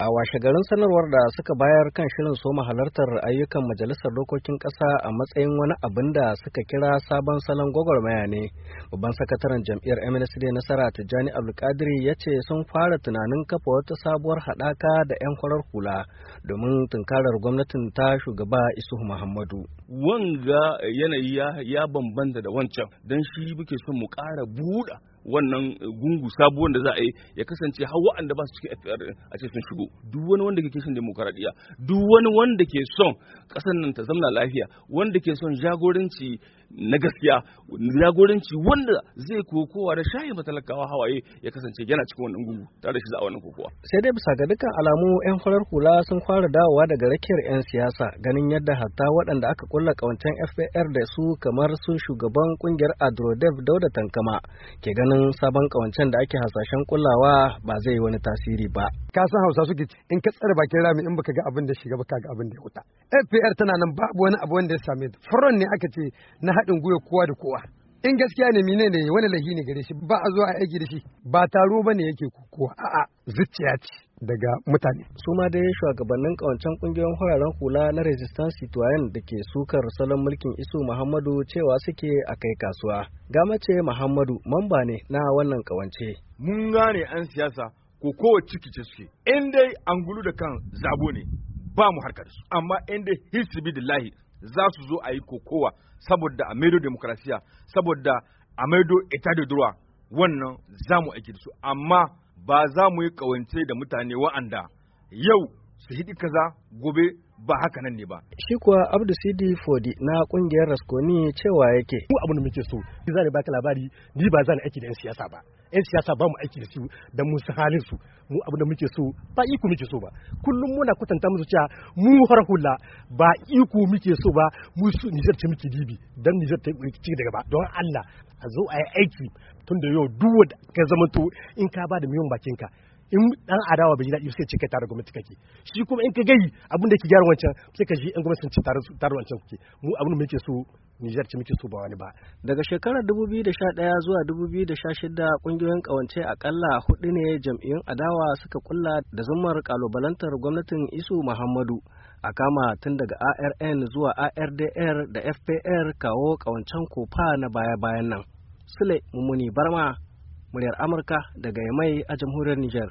a washe garin sanarwar da suka bayar kan shirin soma halartar ayyukan majalisar dokokin ƙasa a matsayin wani abin da suka kira sabon salon gwagwarmaya ne babban sakataren jam'iyyar mnsd nasara tijjani abdulkadiri ya ce sun fara tunanin kafa wata sabuwar haɗaka da 'yan kwarar hula domin tunkarar gwamnatin ta shugaba isu muhammadu wanga yanayi ya bambanta da wancan don shi muke son mu ƙara buɗa wannan eh, gungu sabuwan da za a yi ya kasance har wa'anda ba su cikin FPR eh, a ce sun shigo duk wani wanda ke kishin demokaradiyya duk wani wanda ke son ƙasar nan ta zamna lafiya wanda ke son jagoranci na gaskiya jagoranci wanda zai kokowa da shayi matalakawa hawaye ya kasance yana cikin wannan gungu tare da shi za a wannan kokowa sai dai bisa ga dukkan alamu yan farar hula sun fara dawowa daga rakiyar yan siyasa ganin yadda hatta waɗanda aka kulla kawancen FPR da su kamar su shugaban kungiyar Adrodev Dauda Tankama ke ganin sabon kawancen da ake hasashen kullawa ba zai yi wani tasiri ba ka san Hausa suke in ka tsare bakin rami in baka ga abin da shiga baka ga abin da ya wuta FPR tana nan babu wani abu wanda ya same ta furon ne aka ce na haɗin gwiwa kowa da kowa in gaskiya ne mine ne wani lahi ne gare shi ba a zuwa aiki da shi ba taro ba ne yake kowa a'a zuciya ce daga mutane. Su ma dai shugabannin kawancen ƙungiyoyin hararen hula na Resistance Citoyen da ke sukar salon mulkin Isu Muhammadu cewa suke a kai kasuwa. Gamace Muhammadu mamba ne na wannan kawance. Mun gane 'yan siyasa ko kowace ciki ce suke. In dai angulu da kan zabo ne ba mu harkar su. Amma in dai da lahi za su zo a yi kokowa saboda a maido demokrasiya saboda a maido ita da durwa wannan za mu aiki da su amma ba za mu yi kawance da mutane wa'anda yau su hidi kaza gobe ba haka nan ne ba. Shi kuwa Abdu Sidi Fodi na kungiyar Rasconi cewa yake. Ku abu da muke so, ni za baka labari, ni ba za ni aiki da 'yan siyasa ba. 'Yan siyasa ba mu aiki da su da mu su halin su. Mu abu da muke so, ba iko muke so ba. Kullum muna kwatanta musu cewa mu har hula ba iko muke so ba, mu su Nijar ce muke dibi, dan Nijar ta ci daga ba. Don Allah, a zo a yi aiki tun da yau duk wanda ka zamanto in ka ba da miyan bakinka. in dan adawa bai ji daɗi sai ce kai tare gwamnati kake shi kuma in ka gai abin da ke gyara wancan sai ka ji in gwamnati sun ci tare wancan kuke mu abin da muke so Nijar ce muke so ba wani ba daga shekarar 2011 zuwa 2016 kungiyoyin kawance akalla hudu ne jam'iyyun adawa suka kulla da zumar kalubalantar gwamnatin Isu Muhammadu a kama tun daga ARN zuwa ARDR da FPR kawo kawancen kofa na baya-bayan nan Sule Mumuni Barma muryar Amurka daga Yamai a jamhuriyar Nijar